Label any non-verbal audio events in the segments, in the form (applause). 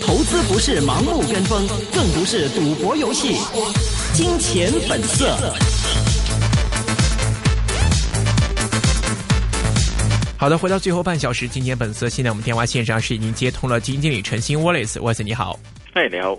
投資不是盲目跟風，更不是賭博遊戲。金錢本色。好的，回到最後半小時，金錢本色。現在我們電話線上是已經接通了基金經理陳昕 Wallace，Wallace 你好。嗨，你好。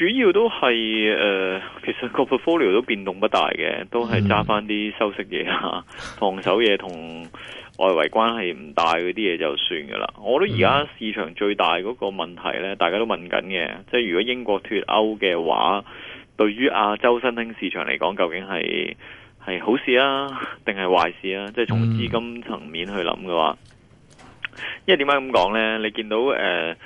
主要都係誒、呃，其實個 portfolio 都變動不大嘅，都係揸翻啲收息嘢啊、防、嗯、守嘢同外圍關係唔大嗰啲嘢就算噶啦。我覺得而家市場最大嗰個問題呢，大家都問緊嘅，即係如果英國脱歐嘅話，對於亞洲新興市場嚟講，究竟係係好事啊，定係壞事啊？即係從資金層面去諗嘅話，嗯、因為點解咁講呢？你見到誒？呃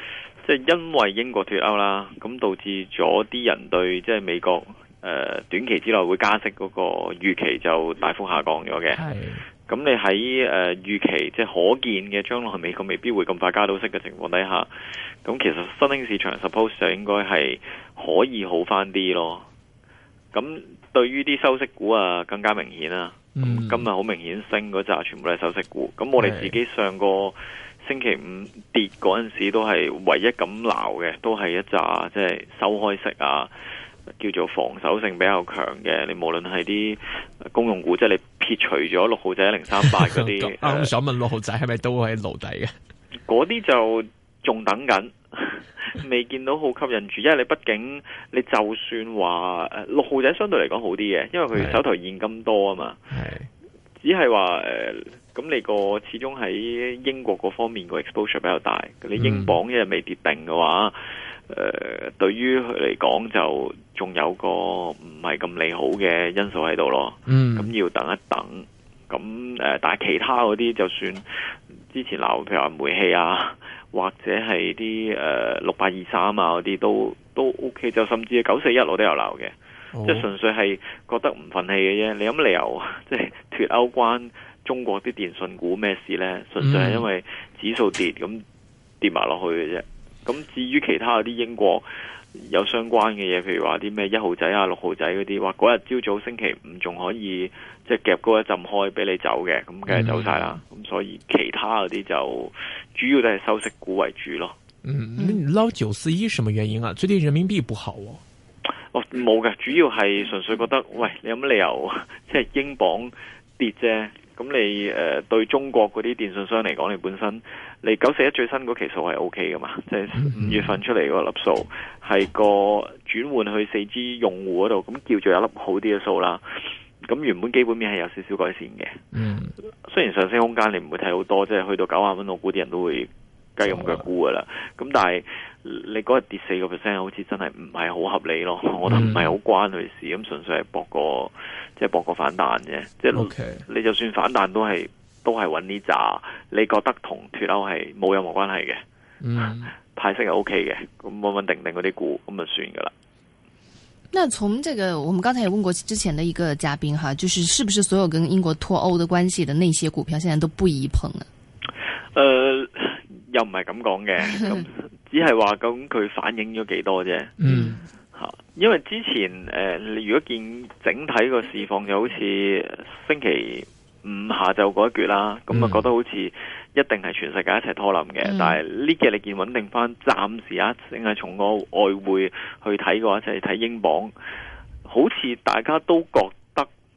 即係因為英國脱歐啦，咁導致咗啲人對即係、就是、美國誒、呃、短期之內會加息嗰個預期就大幅下降咗嘅。咁是你喺誒、呃、預期即係、就是、可見嘅將來美國未必會咁快加到息嘅情況底下，咁其實新興市場 suppose 應該係可以好返啲咯。咁對於啲收息股啊更加明顯啦、啊。嗯、今日好明顯升嗰扎全部都係收息股。咁我哋自己上個。星期五跌嗰陣時都係唯一咁鬧嘅，都係一扎即係收開息啊，叫做防守性比較強嘅。你無論係啲公用股，即係你撇除咗六號仔、零三八嗰啲，啱想問六號仔係咪都喺爐底嘅？嗰啲就仲等緊，未見到好吸引住，因為你畢竟你就算話誒六號仔相對嚟講好啲嘅，因為佢手頭現金多啊嘛，是的 只係話誒。咁你個始終喺英國嗰方面個 exposure 比較大，你英鎊一日未跌定嘅話，誒、嗯呃，對於佢嚟講就仲有個唔係咁利好嘅因素喺度咯。咁、嗯、要等一等。咁誒、呃，但係其他嗰啲就算之前嬲，譬如話煤氣啊，或者係啲誒六百二三啊嗰啲都都 OK，就甚至九四一我都有嬲嘅，哦、即係純粹係覺得唔忿氣嘅啫。你有乜理由即係脫歐關？中國啲電訊股咩事呢？純粹係因為指數跌，咁、嗯、跌埋落去嘅啫。咁至於其他嗰啲英國有相關嘅嘢，譬如話啲咩一號仔啊、六號仔嗰啲，話嗰日朝早星期五仲可以即係夾高一陣開俾你走嘅，咁梗係走晒啦。咁、嗯、所以其他嗰啲就主要都係收息股為主咯。嗯，你撈九四一什麼原因啊？最近人民幣不好哦。哦，冇嘅，主要係純粹覺得，喂，你有乜理由即係英鎊跌啫？咁你誒、呃、對中國嗰啲電訊商嚟講，你本身你九四一最新嗰期數係 O K 㗎嘛？即係五月份出嚟嗰粒數係個轉換去四 G 用戶嗰度，咁叫做一粒好啲嘅數啦。咁原本基本面係有少少改善嘅，嗯、雖然上升空間你唔會睇好多，即係去到九十蚊，我估啲人都會，雞用腳估噶啦，咁、啊、但係你嗰日跌四個 percent，好似真係唔係好合理咯，嗯、我覺得唔係好關佢事，咁純粹係博個即係博個反彈啫。即係 okay, 你就算反彈都係都係揾呢扎，你覺得同脱歐係冇任何關係嘅。派、嗯、息係 OK 嘅，咁穩穩定定嗰啲股咁就算噶啦。那從這個，我們剛才也問過之前的一個嘉賓哈，就是是不是所有跟英國脱歐的關係的那些股票，現在都不宜碰呢？誒、呃。又唔係咁講嘅，咁只係話咁佢反映咗幾多啫。嗯，吓，因為之前誒、呃，你如果見整體個市況就好似星期五下晝嗰一橛啦，咁啊、嗯、覺得好似一定係全世界一齊拖冧嘅。嗯、但係呢幾日你見穩定翻，暫時啊，淨係從個外匯去睇嘅話，就係、是、睇英鎊，好似大家都覺。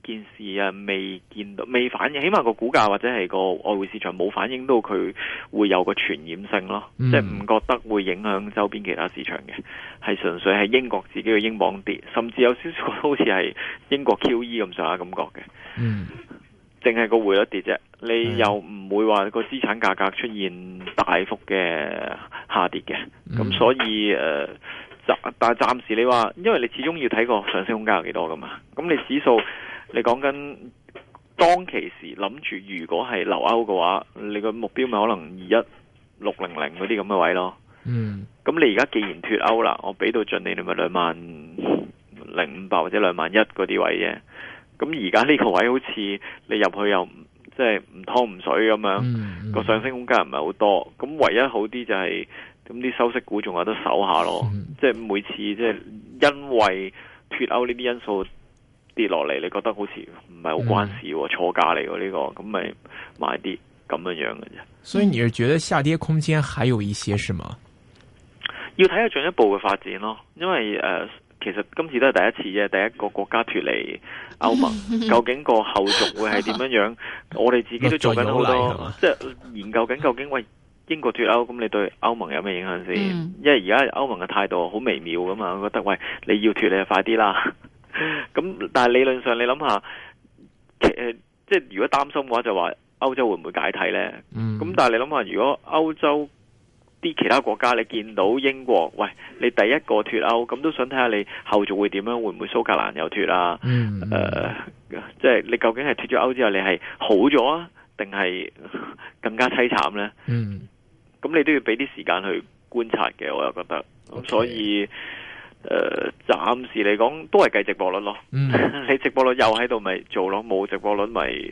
件事啊，未見到，未反映，起碼個股價或者係個外匯市場冇反映到佢會有個傳染性咯，嗯、即係唔覺得會影響周邊其他市場嘅，係純粹係英國自己嘅英鎊跌，甚至有少少好似係英國 QE 咁上下感覺嘅，嗯，淨係個匯率跌啫，嗯、你又唔會話個資產價格出現大幅嘅下跌嘅，咁、嗯、所以誒、呃，但係暫時你話，因為你始終要睇個上升空間有幾多噶嘛，咁你指數。你講緊當其時諗住，如果係留歐嘅話，你個目標咪可能二一六零零嗰啲咁嘅位咯。嗯，咁你而家既然脫歐啦，我俾到盡你，你咪兩萬零五百或者兩萬一嗰啲位啫。咁而家呢個位好似你入去又即係唔湯唔水咁樣，個上升空間又唔係好多。咁唯一好啲就係咁啲收息股仲有得守下咯。嗯、即係每次即係因為脫歐呢啲因素。跌落嚟，你覺得好似唔係好關事，錯價嚟嘅呢個，咁咪買啲咁樣樣嘅啫。所以你係覺得下跌空間還有一些，是嗎？要睇下進一步嘅發展咯，因為誒、呃，其實今次都係第一次啫，第一個國家脫離歐盟， (laughs) 究竟個後續會係點樣樣？ (laughs) 我哋自己都做緊好多，即係研究緊究竟喂，英國脫歐咁，你對歐盟有咩影響先？嗯、因為而家歐盟嘅態度好微妙㗎嘛，我覺得喂，你要脫，你就快啲啦。但係理論上你諗下，誒、呃，即係如果擔心嘅話，就話歐洲會唔會解體呢？咁、嗯、但係你諗下，如果歐洲啲其他國家，你見到英國，喂，你第一個脫歐，咁都想睇下你後續會點樣，會唔會蘇格蘭又脫啊？嗯呃、即係你究竟係脫咗歐之後，你係，你係好咗啊，定係更加淒慘呢？咁、嗯、你都要俾啲時間去觀察嘅，我又覺得，咁所以。Okay. 誒，暫時嚟講都係計直播率咯。嗯， (laughs) 你直播率又喺度咪做咯，冇直播率咪。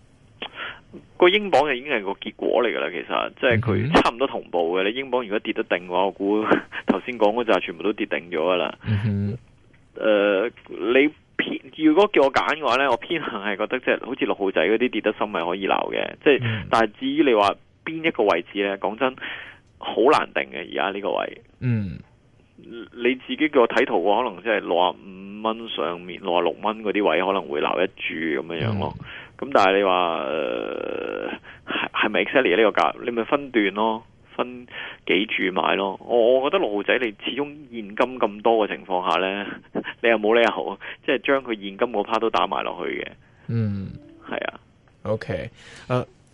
個英鎊就已經係個結果嚟噶啦，其實即係佢差唔多同步嘅。嗯、哼你英鎊如果跌得定嘅話，我估頭先講嗰陣全部都跌定咗噶啦。誒、嗯哼呃，你偏如果叫我揀嘅話咧，我偏向係覺得即係好似六號仔嗰啲，跌得深咪可以撈嘅。即係、嗯，但係至於你話邊一個位置咧，講真好難定嘅。而家呢個位置，嗯，你自己叫我睇圖話，可能即係六啊五蚊上面六啊六蚊嗰啲位置可能會撈一注咁樣樣咯。嗯咁但係你話係係咪 exactly 呢個價？你咪分段咯，分幾注買咯。我、哦、我覺得六號仔你始終現金咁多嘅情況下呢，你又冇理由即係將佢現金嗰 part 都打埋落去嘅。嗯，係啊。OK，uh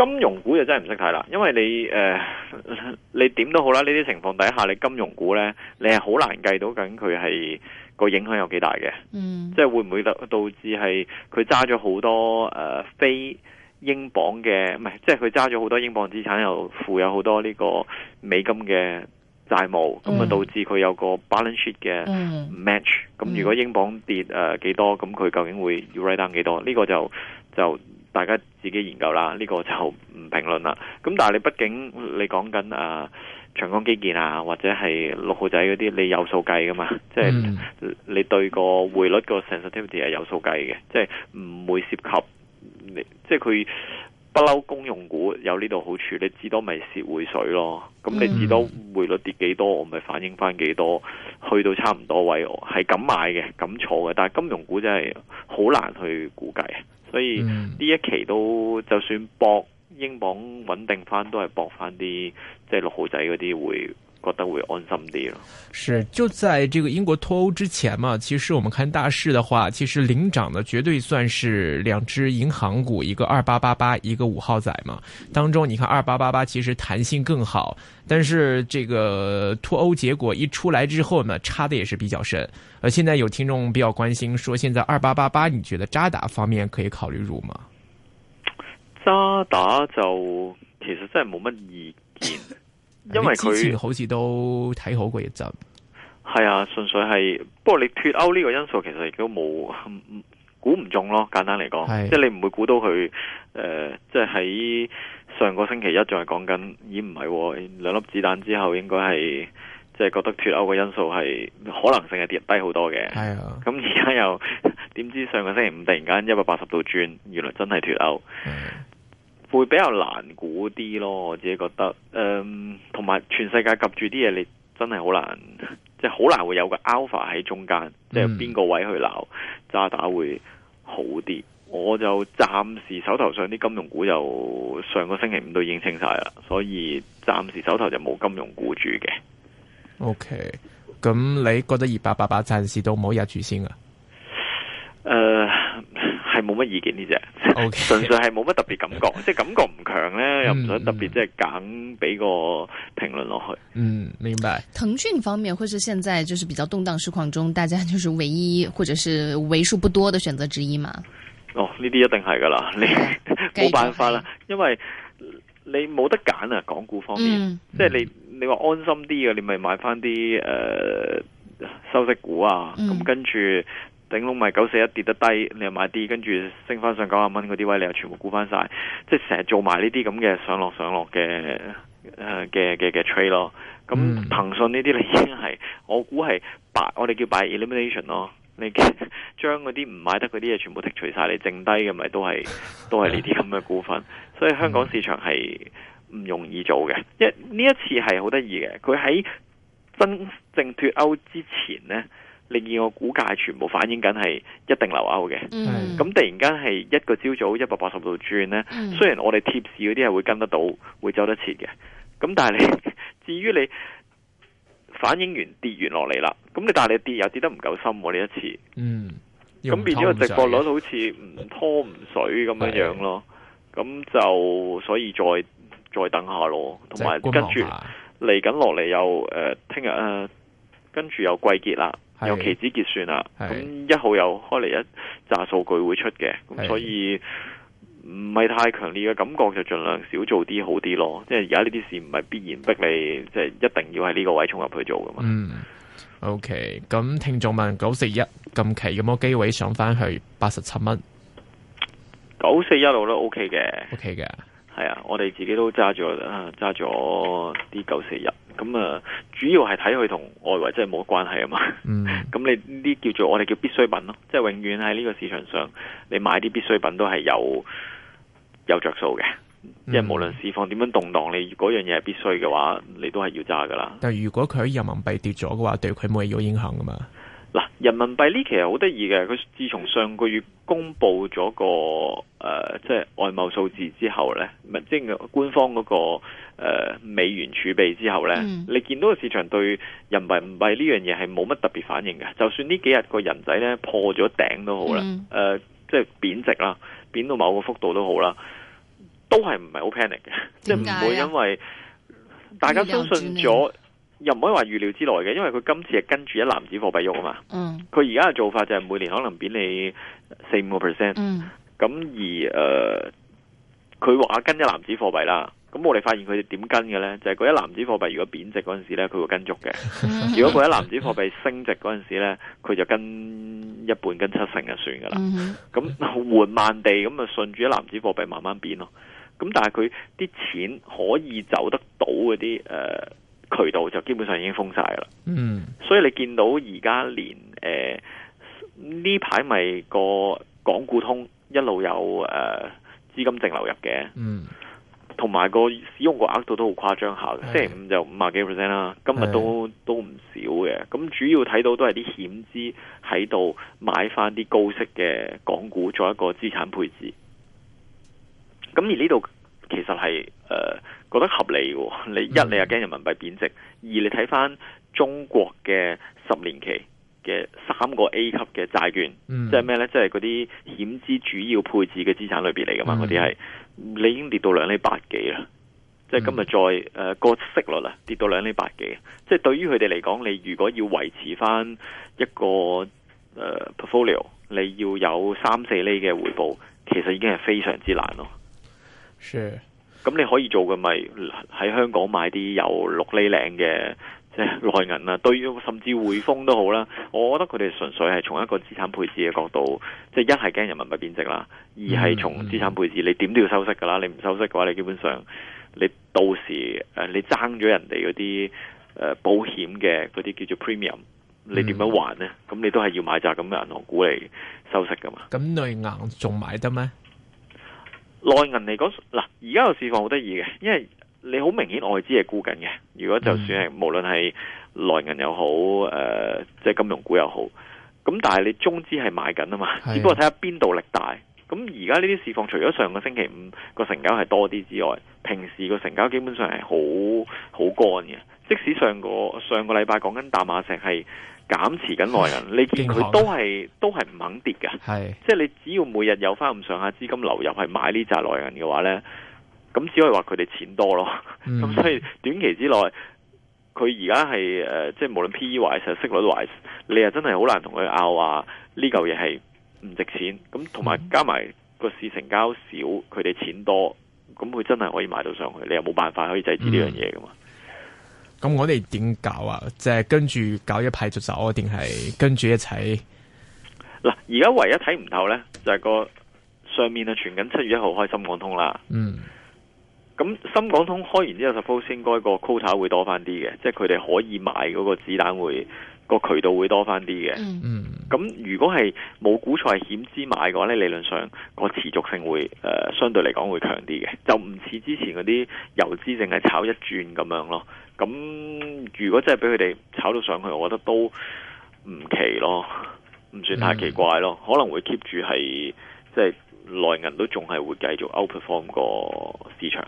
金融股就真係唔識睇啦，因為你誒、呃，你點都好啦，呢啲情況底下，你金融股呢，你係好難計到究竟佢係個影響有幾大嘅，嗯，即係會唔會導致係佢揸咗好多誒非英鎊嘅，唔係，即係佢揸咗好多英鎊資產，又負有好多呢個美金嘅債務，咁啊、嗯、導致佢有個 balance sheet 嘅 match，咁如果英鎊跌誒幾、呃、多，咁佢究竟會要 write down 幾多？呢、這個就就。大家自己研究啦，呢個就唔評論啦。咁但係你畢竟你講緊啊長江基建啊，或者係六號仔嗰啲，你有數計噶嘛？即係你對個匯率個 sensitivity 係有數計嘅，即係唔會涉及。即係佢不嬲公用股有呢度好處，你至多咪蝕匯水咯。咁你至多匯率跌幾多，我咪反映翻幾多，去到差唔多位，我係敢買嘅，敢坐嘅。但係金融股真係好難去估計。所以呢一期都就算搏英鎊穩定翻，都係搏翻啲即係六號仔嗰啲會。覺得會安心啲。是就在這個英國脫歐之前嘛，其實我們看大勢的話，其實領漲的絕對算是兩隻銀行股，一個二八八八，一個五號仔嘛。當中你看二八八八，其實彈性更好。但是這個脫歐結果一出來之後呢，差的也是比較深。而、呃、現在有聽眾比較關心，說現在二八八八，你覺得渣打方面可以考慮入嗎？渣打就其實真係冇乜意見。 (laughs) 因為佢好似都睇好過一集，係啊，純粹係。不過你脫歐呢個因素其實亦都冇、嗯、估唔中咯。簡單嚟講，是啊、即係你唔會估到佢誒，即係喺上個星期一仲係講緊，咦唔係？兩粒、啊、子彈之後應該係即係覺得脫歐個因素係可能性係跌低好多嘅。係是啊那現在，咁而家又點知上個星期五突然間一百八十度轉，原來真係脫歐。會比較難估啲咯，我自己覺得，嗯，同埋全世界夾住啲嘢，你真係好難，即係好難會有個 alpha 喺中間，即係邊個位去鬧、嗯、渣打會好啲。我就暫時手頭上啲金融股就上個星期五都已經清晒啦，所以暫時手頭就冇金融股住嘅。OK，咁你覺得二八八八暫時都唔好入住先啊？誒、呃，係冇乜意見呢？只 O Okay .純粹係冇乜特別感覺，即係 Okay. 感覺唔強咧，嗯、又唔想特別即係揀俾個評論落去。嗯，明白。騰訊方面會是現在就是比較動盪市況中，大家就是唯一或者是為數不多的選擇之一嘛？哦，呢啲一定係噶啦，你冇 (laughs) 辦法啦，因為你冇得揀啊，港股方面，即係、嗯、你你話安心啲嘅，你咪買翻啲誒收息股啊，咁、嗯、跟住。頂籠咪九四一跌得低，你又買啲，跟住升翻上九廿蚊嗰啲位，你又全部沽翻曬，即係成日做埋呢啲咁嘅上落上落嘅嘅嘅嘅 trade 咯。咁騰訊呢啲你已經係，我估係擺，我哋叫 by elimination 咯。你將嗰啲唔買得嗰啲嘢全部剔除曬，你剩低嘅咪都係都係呢啲咁嘅股份。所以香港市場係唔容易做嘅，因呢一次係好得意嘅，佢喺真正脫歐之前呢另我股價全部反映緊係一定留歐嘅，咁、嗯、突然間係一個朝早一百八十度轉呢，嗯、雖然我哋貼士嗰啲係會跟得到，會走得切嘅。咁但係你至於你反映完跌完落嚟啦，咁你但係你跌又跌得唔夠深喎、啊、呢一次。嗯，咁變咗個直播率好似唔拖唔水咁、嗯、樣樣咯。咁對 就所以再再等下咯，同埋跟住嚟緊落嚟又誒聽日誒跟住又季結啦。有期指結算啦，咁是一號又開嚟一紮數據會出嘅，咁是所以唔係太強烈嘅感覺就儘量少做啲好啲咯。即係而家呢啲事唔係必然逼你，即、就、係、是、一定要喺呢個位衝入去做㗎嘛。嗯，OK。咁聽眾問九四一近期有冇機會上返去八十七蚊？九四一路都 OK 嘅，OK 嘅的，係啊，我哋自己都揸咗，啊揸咗啲九四一。咁啊，主要係睇佢同外圍真係冇關係啊嘛。咁、嗯、你呢啲叫做我哋叫必需品咯，即係永遠喺呢個市場上，你買啲必需品都係有有着數嘅。嗯、即係無論市況點樣動盪，你嗰樣嘢係必須嘅話，你都係要揸噶啦。但係如果佢喺人民幣跌咗嘅話，對佢冇係有影響噶嘛？嗱，人民幣呢期係好得意嘅，佢自從上個月公布咗個誒、呃，即係外貿數字之後呢，咪即係官方嗰、那個、呃、美元儲備之後呢，嗯、你見到個市場對人民幣呢樣嘢係冇乜特別反應嘅，就算呢幾日個人仔呢破咗頂都好啦，誒、嗯呃，即係貶值啦，貶到某個幅度都好啦，都係唔係好 panic 嘅，即係唔會因為大家相信咗。又唔可以話預料之內嘅，因為佢今次係跟住一籃子貨幣喐啊嘛。嗯。佢而家嘅做法就係每年可能貶你四五個 percent。咁、嗯、而誒，佢、呃、話跟一籃子貨幣啦。咁我哋發現佢點跟嘅咧，就係、是、嗰一籃子貨幣如果貶值嗰陣時咧，佢會跟足嘅；嗯、如果佢一籃子貨幣升值嗰陣時咧，佢就跟一半跟七成就算噶、嗯、啦。咁緩慢地咁啊，順住一籃子貨幣慢慢變咯。咁但係佢啲錢可以走得到嗰啲誒。呃渠道就基本上已經封晒嘅啦，嗯，所以你見到而家連誒呢排咪個港股通一路有誒、呃、資金淨流入嘅，嗯，同埋個使用個額度都好誇張下，是星期五就五十幾 percent 啦，今日都是都唔少嘅，咁主要睇到都係啲險資喺度買翻啲高息嘅港股做一個資產配置，咁而呢度。其實係誒、呃，覺得合理喎。你一你又驚人民幣貶值，二、嗯、你睇翻中國嘅十年期嘅三個 A 級嘅債券，即係咩呢？即係嗰啲險資主要配置嘅資產類別嚟噶嘛？嗰啲係，你已經跌到兩厘八幾啦。即係、嗯、今日再誒個、呃、息率啊跌到兩厘八幾。即、就、係、是、對於佢哋嚟講，你如果要維持翻一個誒、呃、portfolio，你要有三四厘嘅回報，其實已經係非常之難咯。是，咁你可以做嘅咪喺香港買啲有六厘領嘅即係內銀啦，對於甚至匯豐都好啦。我覺得佢哋純粹係從一個資產配置嘅角度，即係一係驚人民幣貶值啦，二係從資產配置，你點都要收息噶啦。你唔收息嘅話，你基本上你到時誒你爭咗人哋嗰啲誒保險嘅嗰啲叫做 premium，你點樣還呢？咁、嗯、你都係要買扎咁嘅銀行股嚟收息噶嘛？咁內銀仲買得咩？內銀嚟講，嗱，而家個市況好得意嘅，因為你好明顯外資係沽緊嘅。如果就算係、嗯、無論係內銀又好，誒、呃、即、就、係、是、金融股又好，咁但係你中資係買緊啊嘛，是的 只不過睇下邊度力大。咁而家呢啲市況，除咗上個星期五個成交係多啲之外，平時個成交基本上係好好乾嘅。即使上個上個禮拜講緊淡馬錫係減持緊內銀， (laughs) 你見佢都係都係唔肯跌嘅，是即係你只要每日有翻咁上下資金流入係買人呢紮內銀嘅話咧，咁只可以話佢哋錢多咯。咁、嗯、所以短期之內，佢而家係即係無論 P E 還是息率是，你又真係好難同佢拗話呢嚿嘢係唔值錢。咁同埋加埋個市成交少，佢哋、嗯、錢多，咁佢真係可以買到上去，你又冇辦法可以制止呢、嗯、樣嘢噶嘛？咁我哋點搞啊？即係跟住搞一派就走，定係跟住一齊？嗱，而家唯一睇唔透咧，就係個上面啊傳緊七月一號開深港通啦。嗯。咁深港通開完之後，suppose 應該個 quota 會多翻啲嘅，即係佢哋可以買嗰個子彈，會個渠道會多翻啲嘅。嗯。咁如果係冇股債險資買嘅話咧，理論上個持續性會誒、呃、相對嚟講會強啲嘅，就唔似之前嗰啲遊資淨係炒一轉咁樣咯。咁如果真係俾佢哋炒到上去，我覺得都唔奇咯，唔算太奇怪咯。可能會 keep 住係即係內銀都仲係會繼續 outperform 個市場，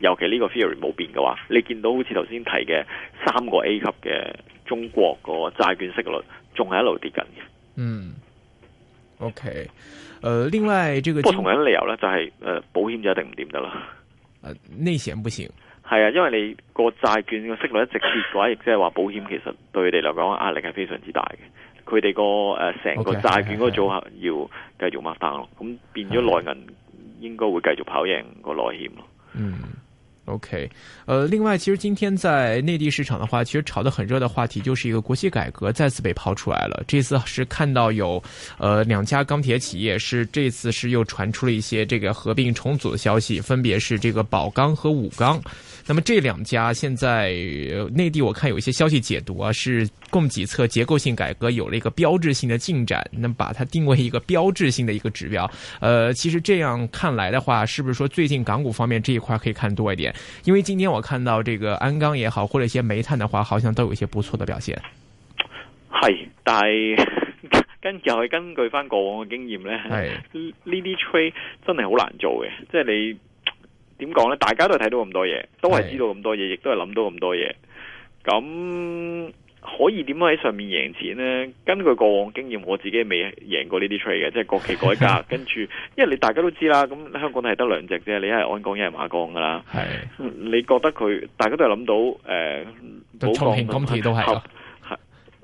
尤其呢個 theory 冇變嘅話，你見到好似頭先提嘅三個 A 級嘅中國個債券息率，仲係一路跌緊嘅。嗯，OK，誒、呃，另外呢個同樣理由呢、就是，就係誒保險就一定唔掂得啦，誒內險不行。係啊，因為你個債券個息，息率一直跌嘅話，亦即係話保險其實對佢哋嚟講壓力係非常之大嘅。佢哋個誒成、呃、個債券嗰個組合要繼續抹單咯，咁變咗內銀應該會繼續跑贏個內險咯。嗯，OK，呃，另外，其實今天在內地市場嘅話，其實炒得很熱的話題就是一個國企改革再次被拋出來了。這次是看到有呃，兩家鋼鐵企業是這次是又傳出了一些這個合併重組嘅消息，分別是這個寶鋼和武鋼。那麼這兩家現在、呃、內地，我看有一些消息解讀啊，是供給側結構性改革有了一個標誌性的進展，那把它定為一個標誌性的一個指標。呃，其實這樣看來的話，是不是說最近港股方面這一塊可以看多一點？因為今天我看到這個鞍鋼也好，或者一些煤炭，的話，好像都有一些不錯的表現。係，但是跟又係根據翻過往嘅經驗呢，呢啲 trade 真係好難做嘅，即係你。點講呢？大家都係睇到咁多嘢，都係知道咁多嘢，亦都係諗到咁多嘢。咁可以點樣喺上面贏錢呢？根據過往經驗，我自己未贏過呢啲 trade 嘅，即係國企改革。 (laughs) 跟住，因為你大家都知啦，咁香港係得兩隻啫，你一係鞍鋼，一係馬鋼噶啦。係你覺得佢？大家都係諗到誒，冇、呃、錯、今次都係，係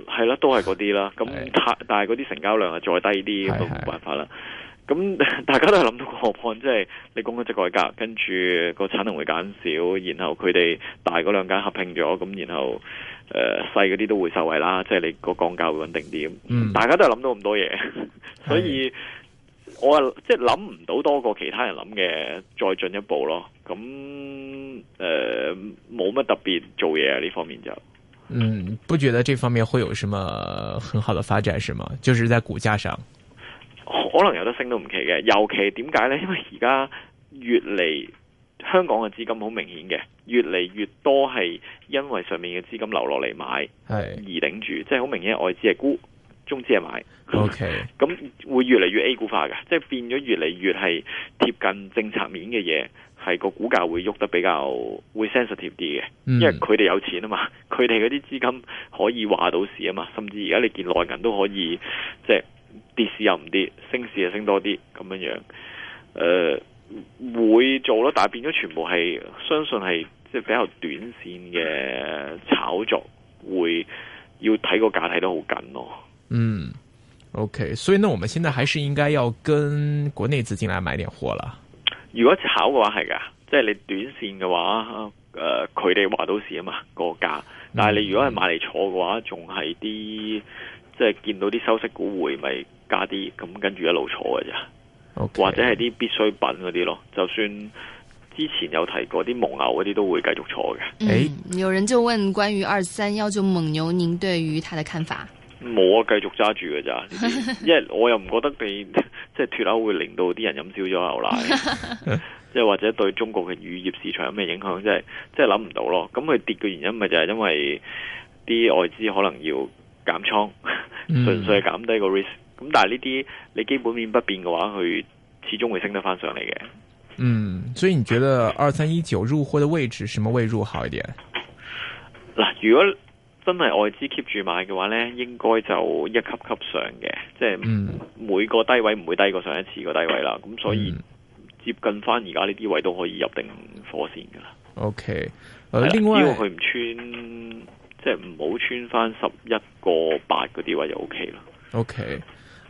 合 (laughs) 啦，都係嗰啲啦。咁 (laughs) 但係嗰啲成交量係再低啲，都冇 (laughs) 辦法啦。咁大家都係諗到個 point，即係你講緊只改革，跟住個產能會減少，然後佢哋大嗰兩間合併咗，咁然後誒細嗰啲都會受惠啦，即係你個降價會穩定啲。大家都係諗到咁多嘢，所以我即係諗唔到多過其他人諗嘅，再進一步咯。咁誒冇乜特別做嘢喺呢方面就。嗯，不覺得這方面會有什麼很好的發展是嗎？就是在股價上。可能有得升都唔奇嘅，尤其點解呢？因為而家越嚟香港嘅資金好明顯嘅，越嚟越多係因為上面嘅資金流落嚟買而頂，而頂住，即係好明顯外資係沽，中資係買。O K. 咁會越嚟越 A 股化嘅，即係變咗越嚟越係貼近政策面嘅嘢，係個股價會喐得比較會 sensitive 啲嘅，嗯、因為佢哋有錢啊嘛，佢哋嗰啲資金可以話到市啊嘛，甚至而家你見內銀都可以即係。跌市又唔跌，升市又升多啲咁樣樣，誒、呃、會做咯，但係變咗全部係相信係即係比較短線嘅炒作，會要睇個價睇得好緊咯。嗯，OK，所以呢，我們現在還是應該要跟國內資金嚟買點貨啦。如果炒嘅話係噶，即係你短線嘅話，誒，佢哋話到時啊嘛個價。嗯、但係你如果係買嚟坐嘅話，仲係啲即係見到啲收息股會，咪加啲咁跟住一路坐嘅咋，Okay. 或者係啲必需品嗰啲咯，就算之前有提過啲蒙牛嗰啲都會繼續坐嘅。誒、嗯，有人就問關於二三幺九蒙牛，您對於佢嘅看法？冇啊，繼續揸住嘅咋， (laughs) 因為我又唔覺得俾即係脫口會令到啲人飲少咗牛奶。 (laughs) (laughs) 即係或者對中國嘅乳業市場有咩影響，即係即係諗唔到咯。咁佢跌嘅原因咪就係因為啲外資可能要減倉，嗯、純粹係減低個 risk。咁但係呢啲你基本面不變嘅話，佢始終會升得翻上嚟嘅。嗯，所以你覺得二三一九入貨嘅位置，什麼位入好一點？嗱，如果真係外資 keep 住買嘅話呢，應該就一級級上嘅，即、就、係、是、每個低位唔會低過上一次個低位啦。咁、嗯、所以、嗯。接近翻而家呢啲位都可以入定貨先噶啦。OK，另外只要佢唔穿，即係唔好穿翻十一個八嗰啲位就 OK 啦。OK，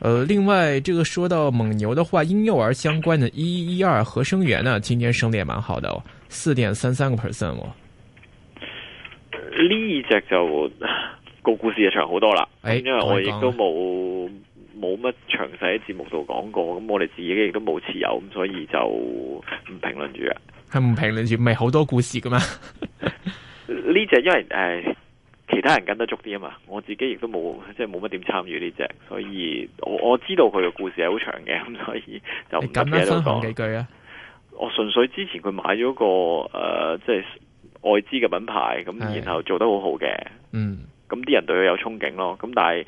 呃，另外，這個說到蒙牛的話，嬰幼兒相關的，一一一二合生元呢，今年升得也蠻好的，四點三三個 percent 哦。呢隻就個故事就長好多啦誒，誒，因為我亦都冇。冇乜詳細喺節目度講過，咁我哋自己亦都冇持有，咁所以就唔評論住嘅。係唔評論住，咪好多故事噶嘛。呢 (laughs) 只因為、呃、其他人跟得足啲啊嘛，我自己亦都冇，即係冇乜點參與呢隻，所以我我知道佢嘅故事係好長嘅，咁所以就唔敢喺度講幾句啊。我純粹之前佢買咗個、呃、即係外資嘅品牌，咁的然後做得好好嘅，嗯。咁啲人對佢有憧憬咯，咁但係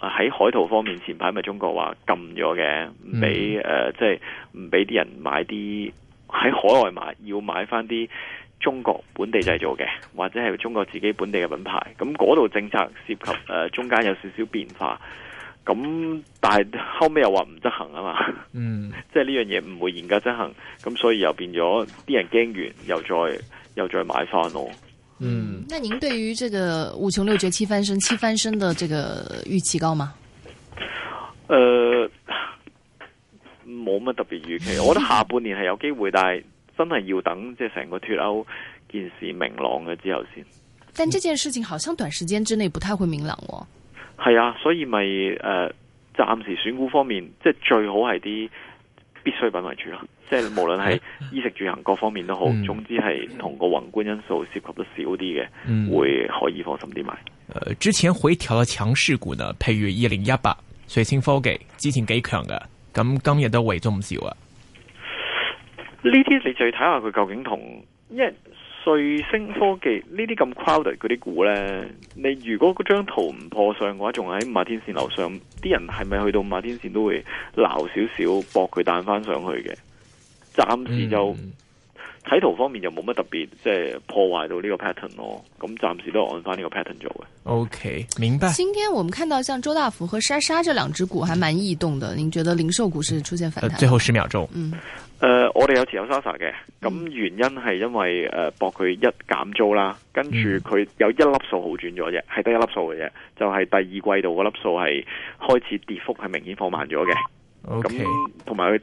喺海淘方面，前排咪中國話禁咗嘅，唔俾，即係唔俾啲人買啲喺海外買，要買翻啲中國本地製造嘅，或者係中國自己本地嘅品牌。咁嗰度政策涉及、呃、中間有少少變化，咁但係後尾又話唔執行啊嘛，嗯，即係呢樣嘢唔會嚴格執行，咁所以又變咗啲人驚完又，又再又再買翻咯。嗯，那您對於這個五窮六絕七翻身七翻身的這個預期高嗎？誒、呃，冇乜特別預期，我覺得下半年係有機會， (laughs) 但係真係要等即係成個脫歐件事明朗嘅之後先。但這件事情好像短時間之內不太會明朗哦。係、嗯、啊，所以咪誒、呃，暫時選股方面即係最好係啲必需品為主咯。即係無論係衣食住行各方面都好，嗯、總之係同個宏觀因素涉及得少啲嘅，嗯、會可以放心啲買。誒、呃，之前回調嘅強勢股啊，譬如二零一八瑞聲科技，之前幾強噶，咁今日都圍咗唔少啊。呢啲你就要睇下佢究竟同，因為瑞聲科技這這呢啲咁 quality 嗰啲股咧，你如果嗰張圖唔破相嘅話，仲喺五天線樓上，啲人係咪去到五天線都會撈少少，搏佢彈翻上去嘅？暫時就睇、嗯、圖方面又冇乜特別，即係破壞到呢個 pattern 咯。咁暫時都按翻呢個 pattern 做嘅。O、okay, K，明白。今天我們看到像周大福和莎莎這兩隻股，還蠻異動的。嗯、您覺得零售股市出現反彈、呃？最後十秒鐘。嗯。誒、呃，我哋有持有莎莎嘅，咁原因係因為誒博佢一減租啦，跟住佢有一粒數好轉咗啫，係得、嗯、一粒數嘅啫，就係、是、第二季度嗰粒數係開始跌幅係明顯放慢咗嘅。O 咁同埋佢